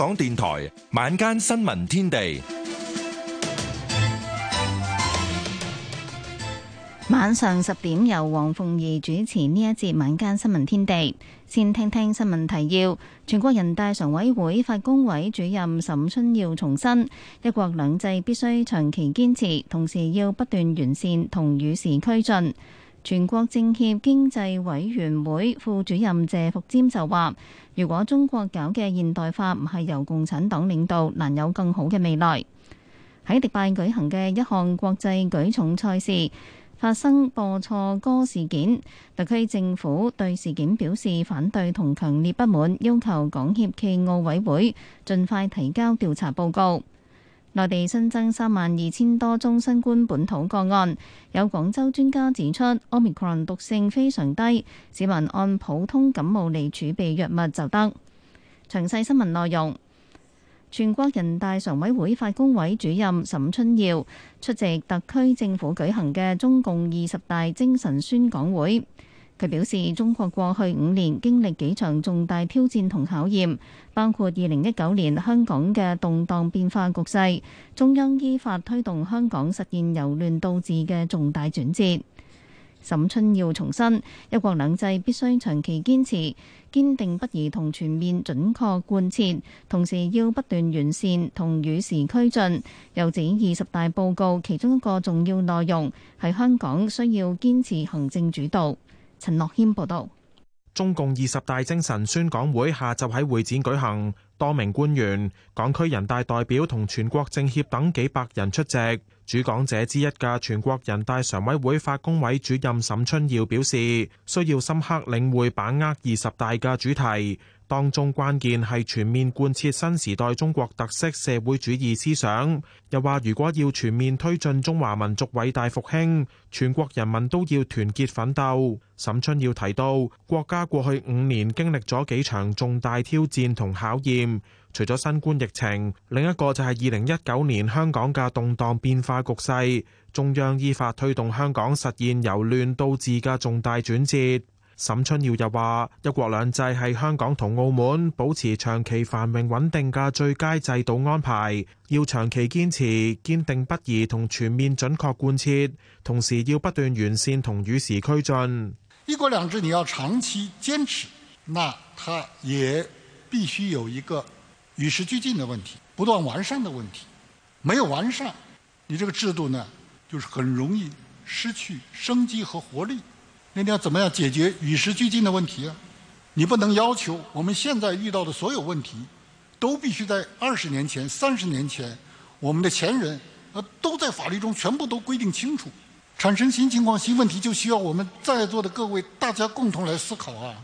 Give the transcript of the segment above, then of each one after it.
港電台晚間新聞天地，晚上十點由黃鳳儀主持呢一節晚間新聞天地。先聽聽新聞提要：全國人大常委會法工委主任沈春耀重申，一國兩制必須長期堅持，同時要不斷完善同與時俱進。全國政協經濟委員會副主任謝伏瞻就話：如果中國搞嘅現代化唔係由共產黨領導，難有更好嘅未來。喺迪拜舉行嘅一項國際舉重賽事發生播錯歌事件，特區政府對事件表示反對同強烈不滿，要求港協暨奧委會盡快提交調查報告。內地新增三萬二千多宗新冠本土個案，有廣州專家指出，Omicron 毒性非常低，市民按普通感冒嚟儲備藥物就得。詳細新聞內容，全國人大常委會法工委主任沈春耀出席特區政府舉行嘅中共二十大精神宣講會。佢表示，中國過去五年經歷幾場重大挑戰同考驗，包括二零一九年香港嘅動盪變化局勢，中央依法推動香港實現由亂到治嘅重大轉折。沈春耀重申，一國兩制必須長期堅持、堅定不移同全面準確貫徹，同時要不斷完善同與時俱進。又指二十大報告其中一個重要內容係香港需要堅持行政主導。陳樂謙報道，中共二十大精神宣講會下晝喺會展舉行，多名官員、港區人大代表同全國政協等幾百人出席。主講者之一嘅全國人大常委會法工委主任沈春耀表示，需要深刻領會把握二十大嘅主題。當中關鍵係全面貫徹新時代中國特色社會主義思想。又話如果要全面推進中華民族偉大復興，全國人民都要團結奮鬥。沈春耀提到，國家過去五年經歷咗幾場重大挑戰同考驗，除咗新冠疫情，另一個就係二零一九年香港嘅動盪變化局勢。中央依法推動香港實現由亂到治嘅重大轉折。沈春耀又話：一國兩制係香港同澳門保持長期繁榮穩定嘅最佳制度安排，要長期堅持、堅定不移同全面準確貫徹，同時要不斷完善同與時俱進。一國兩制你要長期堅持，那它也必須有一個與時俱進的問題、不斷完善的問題。沒有完善，你這個制度呢，就是很容易失去生機和活力。今天要怎麼樣解決與時俱進的問題啊？你不能要求我們現在遇到的所有問題，都必須在二十年前、三十年前，我們的前人，啊都在法律中全部都規定清楚。產生新情況、新問題，就需要我們在座的各位大家共同來思考啊，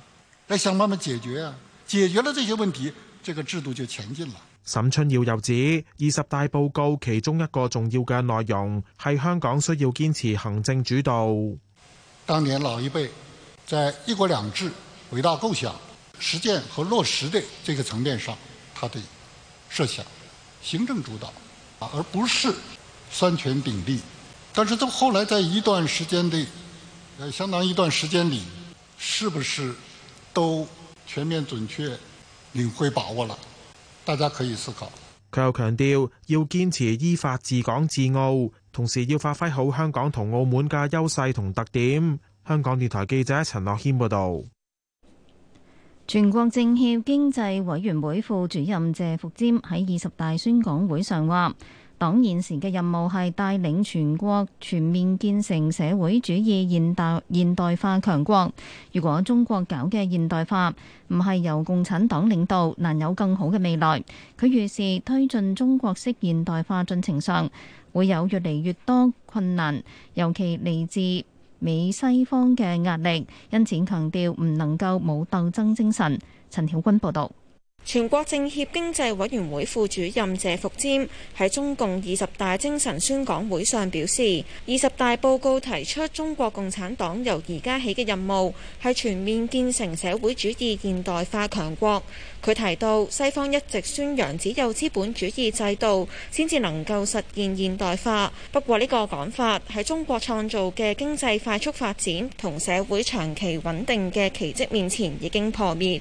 來想辦法解決啊。解決了這些問題，這個制度就前進了。沈春耀又指，二十大報告其中一個重要嘅內容係香港需要堅持行政主導。當年老一輩在一國兩制偉大構想實踐和落實的這個層面上，他的設想，行政主導，啊，而不是三權鼎立。但是到後來，在一段時間的，呃，相當一段時間裏，是不是都全面準確領會把握了？大家可以思考。佢又強調要堅持依法治港治澳。同時要發揮好香港同澳門嘅優勢同特點。香港電台記者陳樂軒報導，全國政協經濟委員會副主任謝伏瞻喺二十大宣講會上話。黨現時嘅任務係帶領全國全面建成社會主義現代現代化強國。如果中國搞嘅現代化唔係由共產黨領導，難有更好嘅未來。佢預示，推進中國式現代化進程上會有越嚟越多困難，尤其嚟自美西方嘅壓力。因此強調唔能夠冇鬥爭精神。陳曉君報導。全國政協經濟委員會副主任謝伏瞻喺中共二十大精神宣講會上表示，二十大報告提出中國共產黨由而家起嘅任務係全面建成社會主義現代化強國。佢提到，西方一直宣揚只有資本主義制度先至能夠實現現代化，不過呢個講法喺中國創造嘅經濟快速發展同社會長期穩定嘅奇蹟面前已經破滅。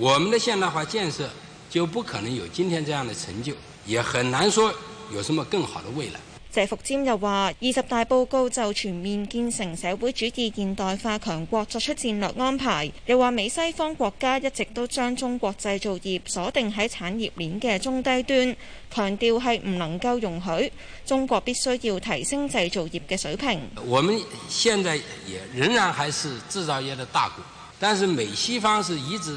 我們的現代化建設就不可能有今天這樣的成就，也很難說有什麼更好的未來。謝伏瞻又話，二十大報告就全面建成社會主義現代化強國作出戰略安排。又話美西方國家一直都將中國製造業鎖定喺產業鏈嘅中低端，強調係唔能夠容許，中國必須要提升製造業嘅水平。我們現在仍然還是製造業的大國，但是美西方是一直。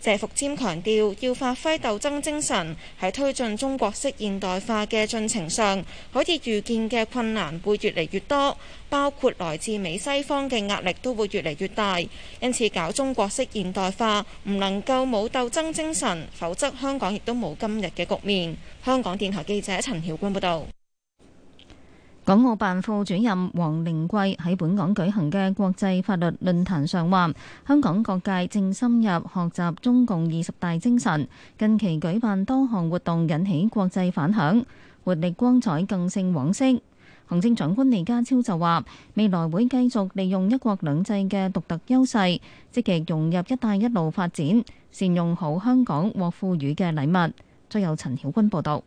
謝伏瞻強調，要發揮鬥爭精神，喺推進中國式現代化嘅進程上，可以預見嘅困難會越嚟越多，包括來自美西方嘅壓力都會越嚟越大。因此，搞中國式現代化唔能夠冇鬥爭精神，否則香港亦都冇今日嘅局面。香港電台記者陳曉君報導。港澳辦副主任王靈桂喺本港舉行嘅國際法律論壇上話，香港各界正深入學習中共二十大精神，近期舉辦多項活動引起國際反響，活力光彩更勝往昔。行政長官李家超就話，未來會繼續利用一國兩制嘅獨特優勢，積極融入一帶一路發展，善用好香港獲賦予嘅禮物。再有陳曉君報道。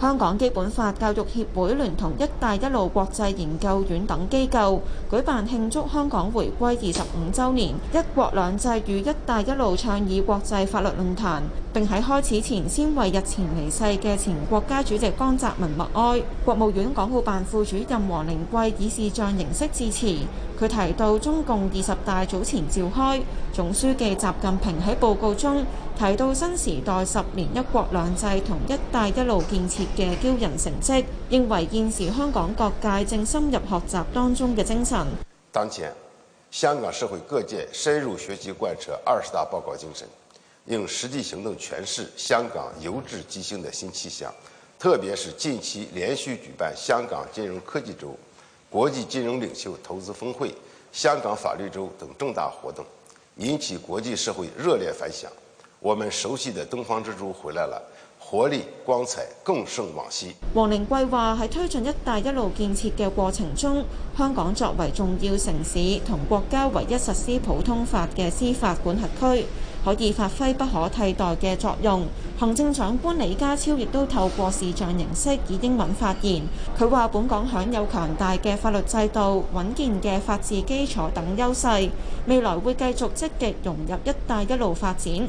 香港基本法教育協會聯同「一帶一路」國際研究院等機構舉辦慶祝香港回歸二十五周年「一國兩制與一帶一路倡議國際法律論壇」，並喺開始前先為日前離世嘅前國家主席江澤民默哀。國務院港澳辦副，副主任王靈桂以視像形式致辭。佢提到中共二十大早前召開，總書記習近平喺報告中提到新時代十年一國兩制同一帶一路建設。嘅驕人成績，認為現時香港各界正深入學習當中嘅精神。當前，香港社會各界深入學習貫徹二十大報告精神，用實際行動詮釋香港由治及興的新氣象。特別是近期連續舉辦香港金融科技周、國際金融領袖投資峰會、香港法律周等重大活動，引起國際社會熱烈反響。我們熟悉的東方之珠回來了。活力光彩更勝往昔。黃寧貴話，喺推進一帶一路建設嘅過程中，香港作為重要城市同國家唯一實施普通法嘅司法管轄區，可以發揮不可替代嘅作用。行政長官李家超亦都透過視像形式以英文發言，佢話本港享有強大嘅法律制度、穩健嘅法治基礎等優勢，未來會繼續積極融入一帶一路發展。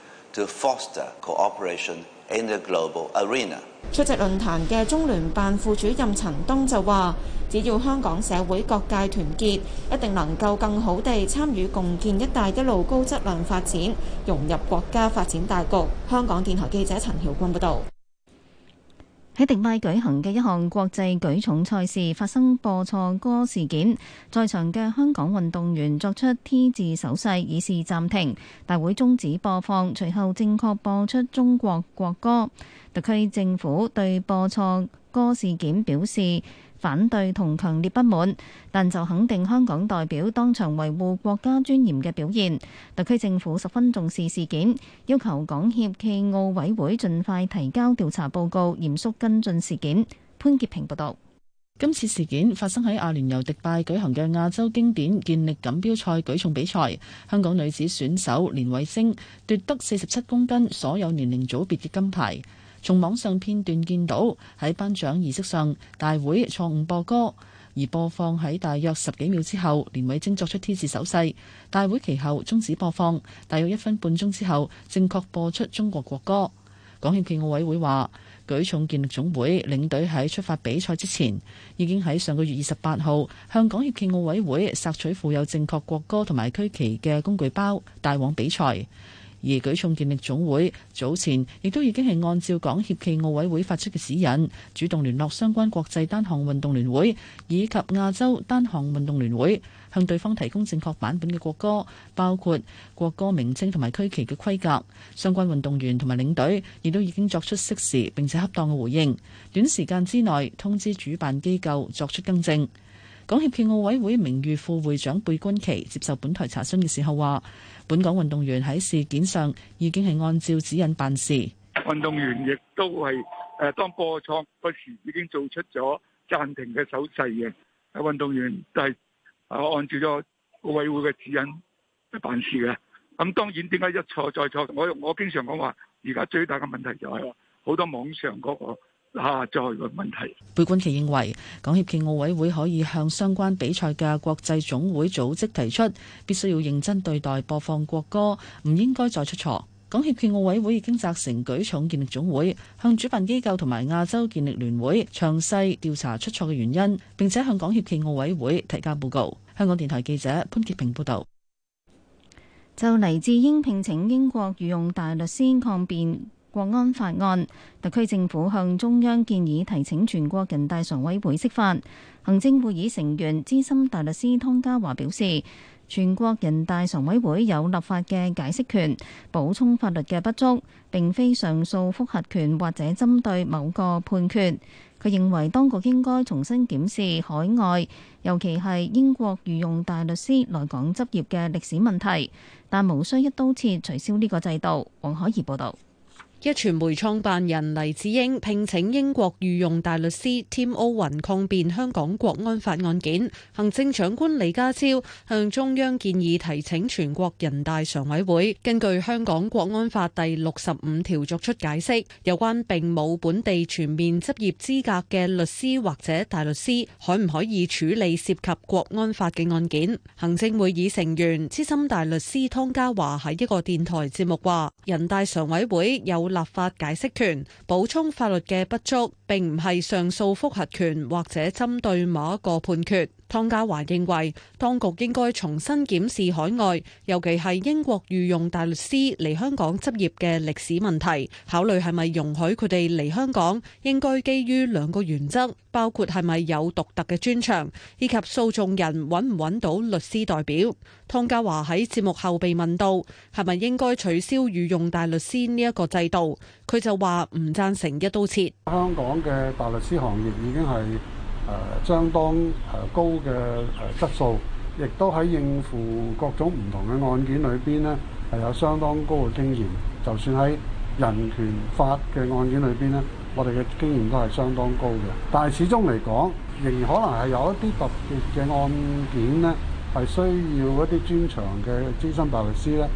To foster cooperation in the global arena. 出席論壇嘅中聯辦副主任陳東就話，只要香港社會各界團結，一定能夠更好地參與共建“一帶一路”高質量發展，融入國家發展大局。香港電台記者陳曉君報道。喺迪拜舉行嘅一項國際舉重賽事發生播錯歌事件，在場嘅香港運動員作出 T 字手勢以示暫停，大會終止播放，隨後正確播出中國國歌。特區政府對播錯歌事件表示，反對同強烈不滿，但就肯定香港代表當場維護國家尊嚴嘅表現。特區政府十分重視事件，要求港協暨奧委會盡快提交調查報告，嚴肅跟進事件。潘潔平報道。今次事件發生喺阿聯酋迪拜舉行嘅亞洲經典健力錦標賽舉重比賽，香港女子選手連衛星奪得四十七公斤所有年齡組別嘅金牌。從網上片段見到喺頒獎儀式上，大會錯誤播歌，而播放喺大約十幾秒之後，連偉晶作出 T 字手勢，大會其後終止播放，大約一分半鐘之後正確播出中國國歌。港協暨奧委會話，舉重健力總會領隊喺出發比賽之前，已經喺上個月二十八號向港協暨奧委會索取附有正確國歌同埋區旗嘅工具包，帶往比賽。而舉重健力總會早前亦都已經係按照港協暨奧委會發出嘅指引，主動聯絡相關國際單項運動聯會以及亞洲單項運動聯會，向對方提供正確版本嘅國歌，包括國歌名稱同埋區旗嘅規格。相關運動員同埋領隊亦都已經作出適時並且恰當嘅回應，短時間之內通知主辦機構作出更正。港協暨奧委會名譽副會長貝君琪接受本台查詢嘅時候話：本港運動員喺事件上已經係按照指引辦事，運動員亦都係誒當播錯嗰時已經做出咗暫停嘅手勢嘅，運動員就係啊按照咗奧委會嘅指引辦事嘅。咁當然點解一錯再錯？我我經常講話，而家最大嘅問題就係好多網上嗰個。下再個問題，貝冠奇認為港協暨奧委會可以向相關比賽嘅國際總會組織提出，必須要認真對待播放國歌，唔應該再出錯。港協暨奧委會已經責成舉重健力總會向主辦機構同埋亞洲健力聯會詳細調查出錯嘅原因，並且向港協暨奧委會提交報告。香港電台記者潘潔平報道。就黎智英聘請英國御用大律師抗辯。國安法案，特區政府向中央建議提請全國人大常委會釋法。行政會議成員資深大律師湯家驊表示，全國人大常委會有立法嘅解釋權，補充法律嘅不足，並非上訴覆核權或者針對某個判決。佢認為當局應該重新檢視海外，尤其係英國御用大律師來港執業嘅歷史問題，但無需一刀切取消呢個制度。黃可怡報導。一傳媒創辦人黎智英聘請英國御用大律師 Tim Owen 抗辯香港國安法案件。行政長官李家超向中央建議提請全國人大常委會根據香港國安法第六十五條作出解釋，有關並冇本地全面執業資格嘅律師或者大律師可唔可以處理涉及國安法嘅案件？行政會議成員資深大律師湯家驊喺一個電台節目話：人大常委會有。立法解釋權補充法律嘅不足，並唔係上訴覆核權或者針對某一個判決。湯家驊認為當局應該重新檢視海外，尤其係英國御用大律師嚟香港執業嘅歷史問題，考慮係咪容許佢哋嚟香港，應該基於兩個原則，包括係咪有獨特嘅專長，以及訴訟人揾唔揾到律師代表。湯家驊喺節目後被問到係咪應該取消御用大律師呢一個制度，佢就話唔讚成一刀切。香港嘅大律師行業已經係。誒相當誒高嘅質素，亦都喺應付各種唔同嘅案件裏邊呢，係有相當高嘅經驗。就算喺人權法嘅案件裏邊呢，我哋嘅經驗都係相當高嘅。但係始終嚟講，仍然可能係有一啲特別嘅案件呢，係需要一啲專長嘅資深大律師呢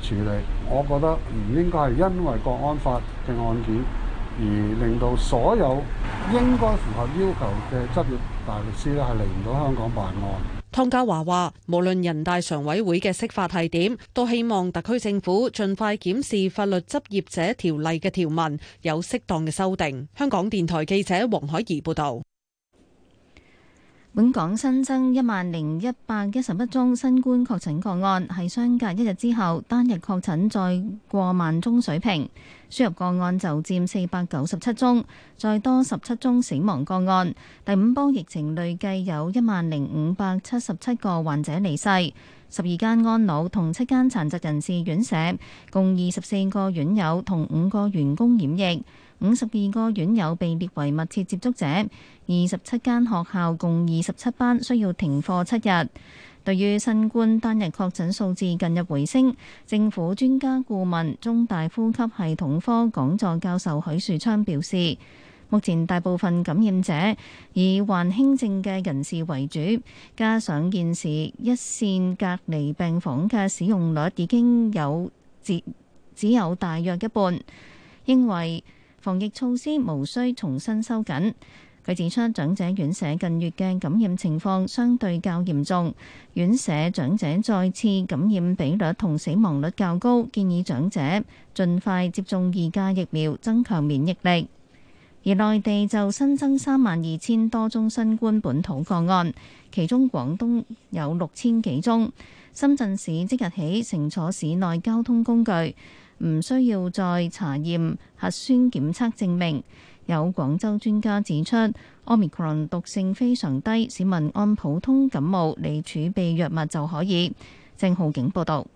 去處理。我覺得唔應該係因為國安法嘅案件。而令到所有應該符合要求嘅執業大律師咧，係嚟唔到香港辦案。湯家驊話：無論人大常委會嘅釋法係點，都希望特區政府盡快檢視法律執業者條例嘅條文，有適當嘅修訂。香港電台記者黃海怡報道。本港新增一萬零一百一十一宗新冠確診個案，係相隔一日之後單日確診再過萬宗水平。輸入個案就佔四百九十七宗，再多十七宗死亡個案。第五波疫情累計有一萬零五百七十七個患者離世，十二間安老同七間殘疾人士院舍，共二十四個院友同五個員工染疫。五十二個院友被列為密切接觸者，二十七間學校共二十七班需要停課七日。對於新冠單日確診數字近日回升，政府專家顧問、中大呼吸系統科講座教授許樹昌表示，目前大部分感染者以患輕症嘅人士為主，加上現時一線隔離病房嘅使用率已經有只只有大約一半，認為，防疫措施無需重新收緊。佢指出，長者院舍近月嘅感染情況相對較嚴重，院舍長者再次感染比率同死亡率較高，建議長者盡快接種二價疫苗，增強免疫力，而內地就新增三萬二千多宗新冠本土個案，其中廣東有六千幾宗。深圳市即日起乘坐市內交通工具，唔需要再查驗核酸檢測證明。有廣州專家指出，Omicron 毒性非常低，市民按普通感冒嚟儲備藥物就可以。鄭浩景報道。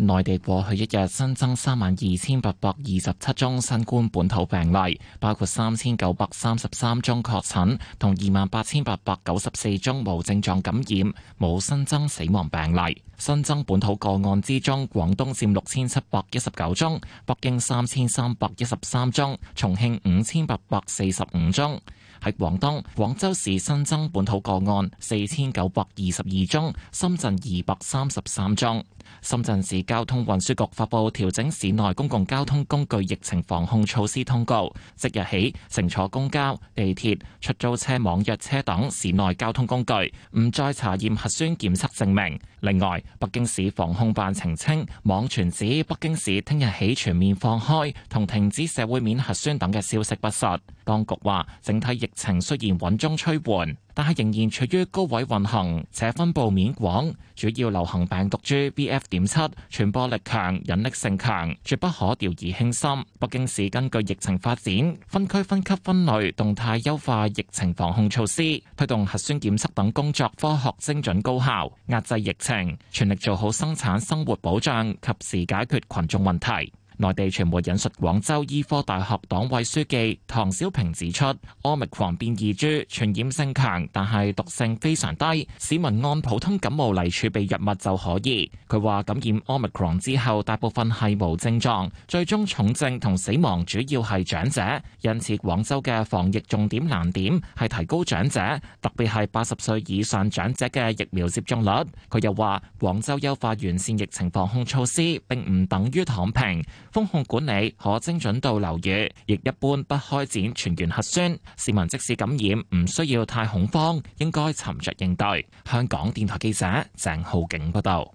內地過去一日新增三萬二千八百二十七宗新冠本土病例，包括三千九百三十三宗確診，同二萬八千八百九十四宗無症狀感染，冇新增死亡病例。新增本土個案之中，廣東占六千七百一十九宗，北京三千三百一十三宗，重慶五千八百四十五宗。喺廣東，廣州市新增本土個案四千九百二十二宗，深圳二百三十三宗。深圳市交通運輸局發布調整市內公共交通工具疫情防控措施通告，即日起乘坐公交、地鐵、出租車、網約車等市內交通工具唔再查驗核酸檢測證明。另外，北京市防控辦澄清網傳指北京市聽日起全面放開同停止社會面核酸等嘅消息不實。當局話，整體疫疫情雖然穩中趨緩，但係仍然處於高位運行，且分布面廣。主要流行病毒株 B. F. 點七傳播力強、隱匿性強，絕不可掉以輕心。北京市根據疫情發展，分區分級分類動態優化疫情防控措施，推動核酸檢測等工作科學精準高效，壓制疫情，全力做好生產生活保障，及時解決群眾問題。內地傳媒引述廣州醫科大學黨委書記唐小平指出，Omicron 變異株傳染性強，但係毒性非常低，市民按普通感冒嚟儲備藥物就可以。佢話感染 Omicron 之後，大部分係無症狀，最終重症同死亡主要係長者，因此廣州嘅防疫重點難點係提高長者，特別係八十歲以上長者嘅疫苗接種率。佢又話，廣州優化完善疫情防控措施並唔等於躺平。封控管理可精準到樓宇，亦一般不開展全員核酸。市民即使感染，唔需要太恐慌，應該沉着應對。香港電台記者鄭浩景報道。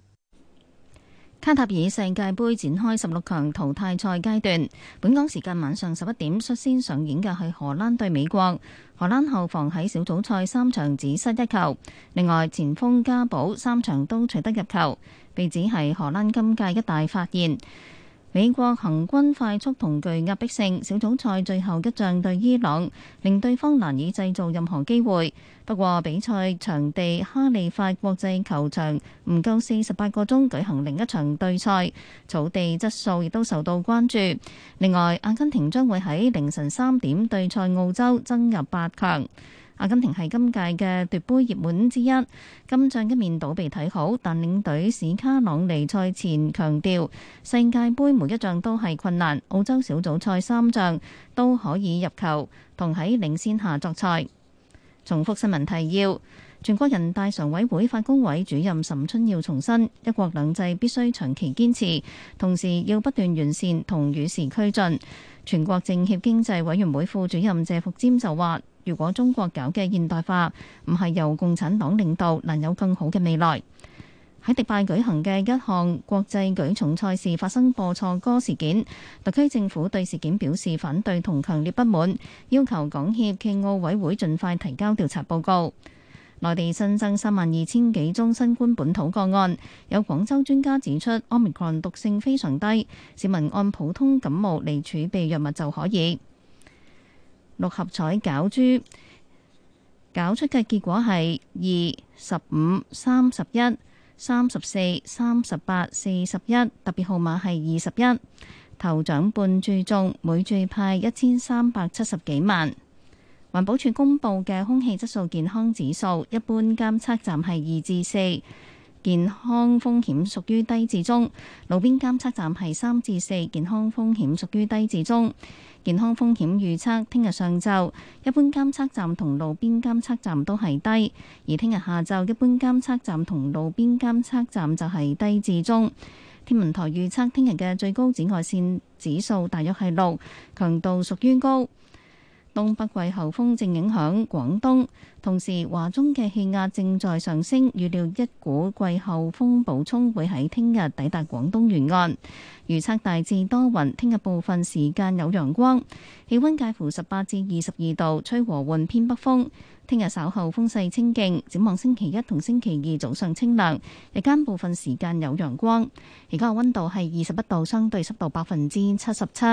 卡塔爾世界杯展開十六強淘汰賽階段，本港時間晚上十一點率先上演嘅，係荷蘭對美國。荷蘭後防喺小組賽三場只失一球，另外前鋒加寶三場都取得入球，被指係荷蘭今屆一大發現。美國行軍快速同具壓迫性，小組賽最後一仗對伊朗，令對方難以製造任何機會。不過，比賽場地哈利法國際球場唔夠四十八個鐘舉行另一場對賽，草地質素亦都受到關注。另外，阿根廷將會喺凌晨三點對賽澳洲，增入八強。阿根廷係今屆嘅奪杯熱門之一，今仗一面倒被睇好，但領隊史卡朗尼賽前強調，世界盃每一仗都係困難，澳洲小組賽三仗都可以入球，同喺領先下作賽。重複新聞提要：全國人大常委會法工委主任沈春耀重申，一國兩制必須長期堅持，同時要不斷完善同與時俱進。全國政協經濟委員會副主任謝伏瞻就話。如果中國搞嘅現代化唔係由共產黨領導，能有更好嘅未來。喺迪拜舉行嘅一項國際舉重賽事發生播錯歌事件，特區政府對事件表示反對同強烈不滿，要求港協暨奧委會盡快提交調查報告。內地新增三萬二千幾宗新冠本土個案，有廣州專家指出，Omicron 毒性非常低，市民按普通感冒嚟儲備藥物就可以。六合彩攪珠搞出嘅結果係二十五、三十一、三十四、三十八、四十一，特別號碼係二十一。頭獎半注中，每注派一千三百七十幾萬。環保署公布嘅空氣質素健康指數，一般監測站係二至四。健康風險屬於低至中，路邊監測站係三至四，健康風險屬於低至中。健康風險預測聽日上晝，一般監測站同路邊監測站都係低，而聽日下晝一般監測站同路邊監測站就係低至中。天文台預測聽日嘅最高紫外線指數大約係六，強度屬於高。東北季候風正影響廣東，同時華中嘅氣壓正在上升，預料一股季候風補充會喺聽日抵達廣東沿岸。預測大致多雲，聽日部分時間有陽光，氣温介乎十八至二十二度，吹和緩偏北風。聽日稍後風勢清勁，展望星期一同星期二早上清涼，日間部分時間有陽光。而家嘅温度係二十一度，相對濕度百分之七十七。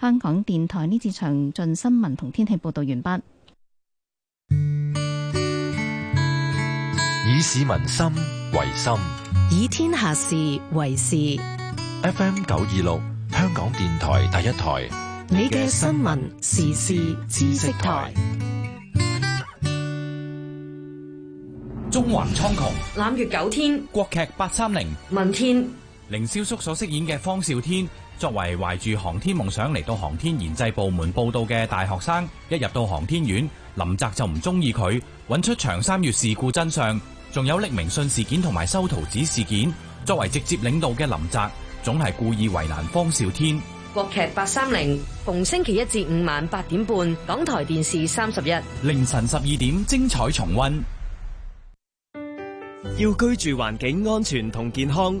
香港電台呢次詳盡新聞同天氣報道完畢。以市民心為心，以天下事為事。FM 九二六，香港電台第一台，你嘅新聞時事知識台。中環蒼穹，攬月九天，國劇八三零，文天，凌瀟肅所飾演嘅方少天。作為懷住航天夢想嚟到航天研製部門報道嘅大學生，一入到航天院，林澤就唔鍾意佢。揾出長三月事故真相，仲有匿名信事件同埋修圖紙事件，作為直接領導嘅林澤，總係故意為難方少天。國劇八三零，逢星期一至五晚八點半，港台電視三十一，凌晨十二點精彩重溫。要居住環境安全同健康，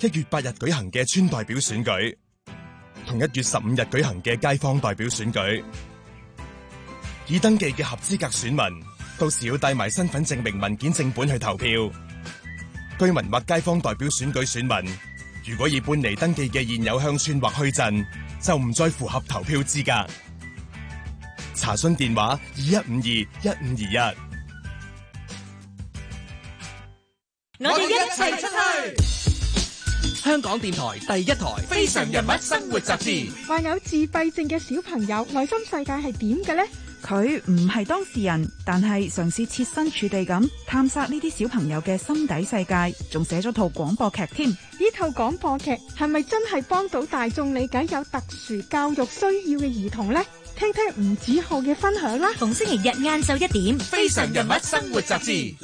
一月八日舉行嘅村代表選舉，同一月十五日舉行嘅街坊代表選舉，已登記嘅合資格選民，到時要帶埋身份證明文件正本去投票。居民或街坊代表選舉選民，如果已搬離登記嘅現有鄉村或墟鎮，就唔再符合投票資格。查詢電話21 5 21 5 21：二一五二一五二一。我哋一齊出去。香港電台第一台《非常人物生活雜誌》，患有自閉症嘅小朋友內心世界係點嘅呢？佢唔係當事人，但係嘗試設身處地咁探索呢啲小朋友嘅心底世界，仲寫咗套廣播劇添。呢套廣播劇係咪真係幫到大眾理解有特殊教育需要嘅兒童呢？聽聽吳子浩嘅分享啦！逢星期日晏晝一點，《非常人物生活雜誌》。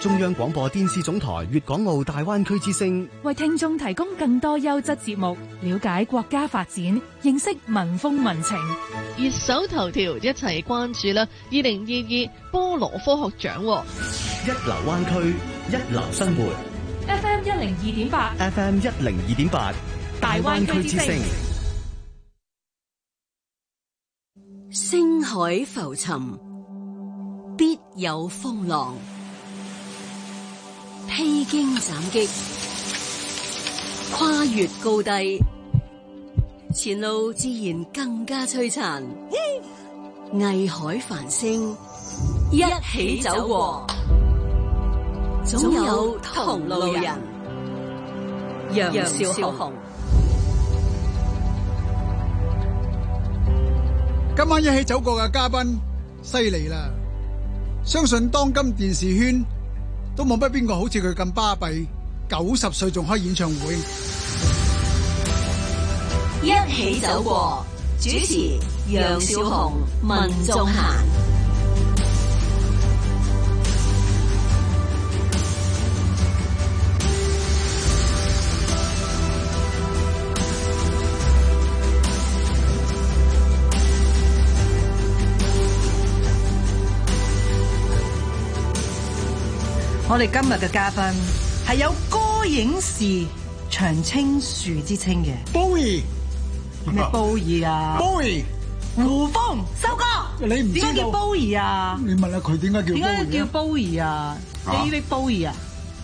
中央廣播電視總台粵港澳大灣區之聲為聽眾提供更多優質節目，了解國家發展，認識民風民情。熱搜頭條，一齊關注啦！二零二二菠蘿科學獎，一流灣區，一流生活。FM 一零二點八，FM 一零二點八，大灣區之聲。之聲，星海浮沉，必有風浪。披荊斬棘，跨越高低，前路自然更加璀璨。藝 海繁星，一起走過，總有同路人。楊少紅，少今晚一起走過嘅嘉賓，犀利啦！相信當今電視圈。都冇乜邊個好似佢咁巴閉，九十歲仲開演唱會。一起走過，主持楊小紅、文仲嫻。我哋今日嘅嘉賓係有歌影視長青樹之稱嘅，Bowie 咩 Bowie 啊，Bowie 胡楓收哥。你唔知點解叫 Bowie 啊？你問下佢點解叫點解叫 Bowie 啊？呢啲 Bowie 啊？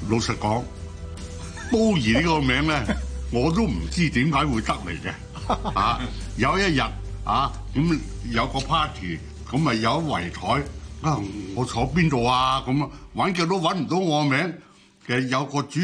老實講，Bowie 呢個名咧， 我都唔知點解會得嚟嘅啊！有一日啊，咁有個 party，咁咪有一圍台。啊！我坐邊度啊？咁啊，揾極都揾唔到我名，其實有個主。